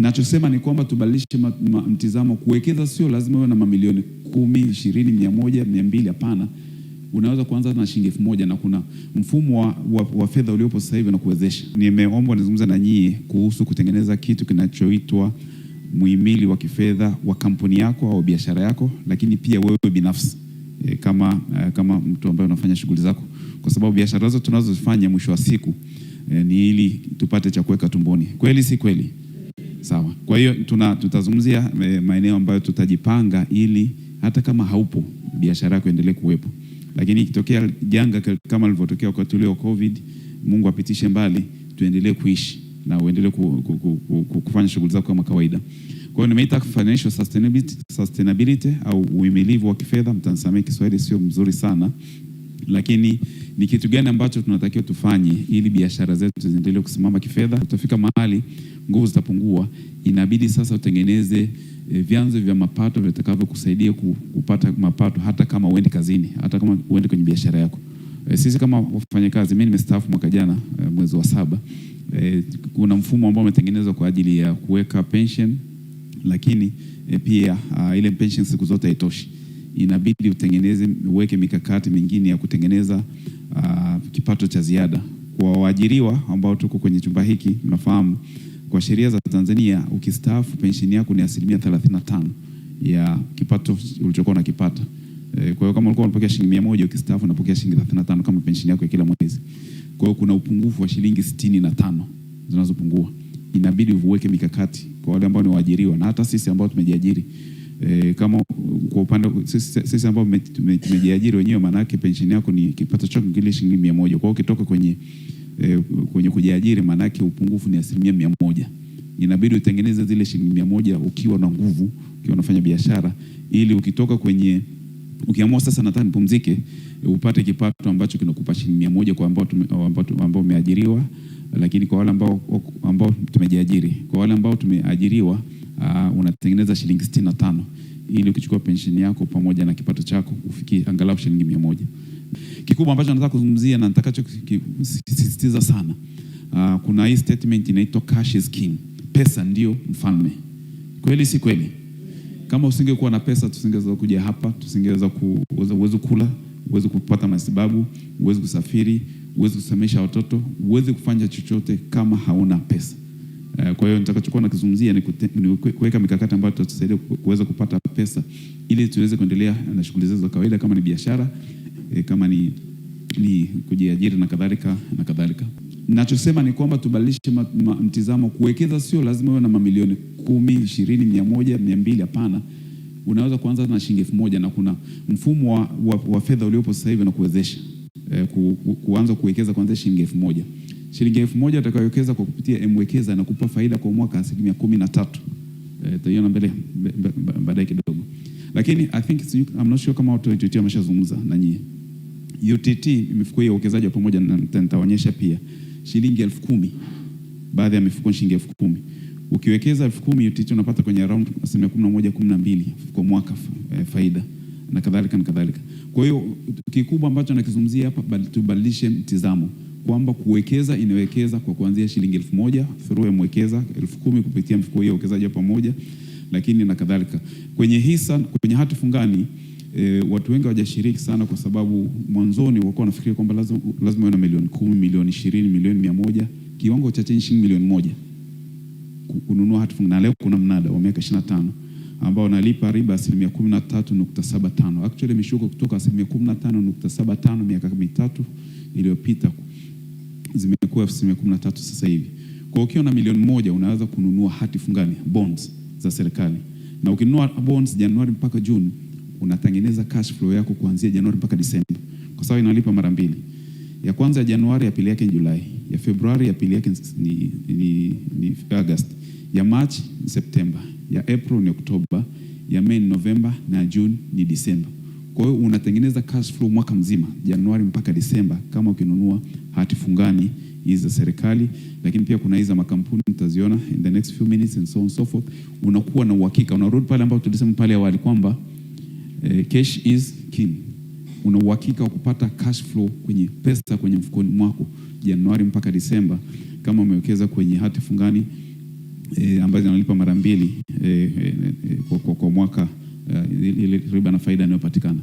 Nachosema ni kwamba tubadilishe mtizamo. Kuwekeza sio lazima uwe na mamilioni kumi, ishirini, mia moja, mia mbili. Hapana, unaweza kuanza na shilingi elfu moja na kuna mfumo wa, wa, wa fedha uliopo sasa hivi unakuwezesha. Nimeombwa nizungumza na nyie kuhusu kutengeneza kitu kinachoitwa muhimili wa kifedha wa kampuni yako au biashara yako, lakini pia wewe binafsi e, kama, e, kama mtu ambaye unafanya shughuli zako, kwa sababu biashara zote tunazozifanya mwisho wa siku e, ni ili tupate cha kuweka tumboni. Kweli si kweli? Sawa. Kwa hiyo tuna tutazungumzia eh, maeneo ambayo tutajipanga ili hata kama haupo biashara yako endelee kuwepo, lakini ikitokea janga kama lilivyotokea wakati ule wa COVID, Mungu apitishe mbali, tuendelee kuishi na uendelee ku, ku, ku, ku, ku, kufanya shughuli zako kama kawaida. Kwa hiyo nimeita financial sustainability, sustainability au uhimilivu wa kifedha. Mtanisamee Kiswahili sio mzuri sana, lakini ni kitu gani ambacho tunatakiwa tufanye ili biashara zetu ziendelee kusimama kifedha. Tutafika mahali nguvu zitapungua, inabidi sasa utengeneze e, vyanzo vya mapato vitakavyokusaidia kupata mapato hata kama uende kazini, hata kama uende kwenye biashara yako. E, sisi kama wafanyakazi, mimi nimestaafu mwaka jana e, mwezi wa saba. E, kuna mfumo ambao umetengenezwa kwa ajili ya kuweka pension, lakini e, pia a, ah, ile pension siku zote haitoshi inabidi utengeneze uweke mikakati mingine ya kutengeneza uh, kipato cha ziada kwa waajiriwa ambao tuko kwenye chumba hiki, mnafahamu kwa sheria za Tanzania ukistaafu pensheni yako ni asilimia 35 ya kipato ulichokuwa unakipata. E, kwa hiyo kama ulikuwa unapokea shilingi 100 ukistaafu unapokea shilingi 35 kama pensheni yako ya kila mwezi. Kwa hiyo kuna upungufu wa shilingi 65 zinazopungua. Inabidi uweke mikakati kwa wale ambao ni waajiriwa na hata sisi ambao tumejiajiri. E, kama kwa upande sisi, sisi ambao tumejiajiri wenyewe maana yake pensheni yako ni kipato chako kile shilingi 100. Kwa hiyo ukitoka kwenye e, kwenye kujiajiri, maanake upungufu ni asilimia mia moja. Inabidi utengeneze zile shilingi mia moja ukiwa na nguvu, ukiwa unafanya biashara, ili ukitoka kwenye ukiamua sasa nataka nipumzike, upate kipato ambacho kinakupa shilingi mia moja kwa ambao umeajiriwa, lakini kwa wale ambao ambao tumejiajiri, kwa wale ambao tumeajiriwa uh, unatengeneza shilingi sitini na tano ili ukichukua pensheni yako pamoja na kipato chako ufikie angalau shilingi mia moja. Kikubwa ambacho nataka kuzungumzia na nitakacho kusisitiza sana uh, kuna hii statement inaitwa cash is king, pesa ndio mfalme. Kweli si kweli? Kama usingekuwa na pesa, tusingeweza kuja hapa, tusingeweza kuweza kula, uweze kupata matibabu, uweze kusafiri, uweze kusomesha watoto, uweze kufanya chochote kama hauna pesa. Uh, kwa hiyo nitakachokuwa nakizungumzia ni kuweka mikakati ambayo tutasaidia kuweza kupata pesa ili tuweze kuendelea na shughuli zetu za kawaida kama ni biashara e, kama ni, ni kujiajiri na kadhalika na kadhalika. Nachosema ni kwamba tubadilishe mtizamo. Kuwekeza sio lazima uwe na mamilioni kumi, ishirini, mia moja, mia mbili. Hapana, unaweza kuanza na shilingi elfu moja na kuna mfumo wa, wa, wa fedha uliopo sasa hivi unakuwezesha e, ku, ku, kuanza kuwekeza kuanzia shilingi elfu moja shilingi elfu moja atakayowekeza kwa kupitia Mwekeza na kupa faida kwa mwaka asilimia kumi na tatu. Tutaiona eh, mbele baadaye kidogo, lakini I think I'm not sure kama watu wa Intuitive wameshazungumza na nyie. UTT mifuko hiyo uwekezaji wa pamoja, nitaonyesha pia shilingi elfu kumi baadhi ya mifuko shilingi elfu kumi Ukiwekeza elfu kumi UTT unapata kwenye around asilimia kumi na moja kumi na mbili kwa mwaka e, faida na kadhalika na kadhalika. Kwa hiyo kikubwa ambacho nakizungumzia hapa, tubadilishe mtizamo kwamba kuwekeza inawekeza kwa kuanzia shilingi elfu moja through mwekeza elfu kumi kupitia mfuko hiyo uwekezaji wa pamoja, lakini na kadhalika kwenye hisa, kwenye hati fungani E, watu wengi hawajashiriki sana kwa sababu mwanzoni walikuwa wanafikiria kwamba lazima lazima na milioni kumi, milioni ishirini, milioni mia moja, kiwango cha chini shilingi milioni moja kununua hatifungi. Na leo kuna mnada wa miaka 25 ambao wanalipa riba asilimia 13.75, actually imeshuka kutoka asilimia 15.75 miaka mitatu iliyopita zimekuwa asilimia 13 sasa hivi. Kwa ukiwa na milioni moja unaweza kununua hati fungani bonds za serikali, na ukinunua bonds Januari mpaka Juni unatengeneza cash flow yako kuanzia Januari mpaka Disemba, kwa sababu inalipa mara mbili. Ya kwanza ya Januari, ya pili yake ni Julai, ya Februari ya pili yake ni, ni, ni August, ya March ni Septemba, ya April ni Oktoba, ya May ni Novemba na June ni Disemba. Kwa hiyo unatengeneza cash flow mwaka mzima Januari mpaka Disemba, kama ukinunua hati fungani hizi za serikali, lakini pia kuna hizi za makampuni mtaziona in the next few minutes and so on so forth. Unakuwa na uhakika, unarudi pale ambapo tulisema pale awali kwamba eh, cash is king. Una uhakika wa kupata cash flow kwenye pesa kwenye mfukoni mwako Januari mpaka Disemba kama umewekeza kwenye hati fungani eh, ambazo zinalipa mara mbili eh, eh, eh, kwa, kwa, kwa mwaka eh, ile riba na faida inayopatikana.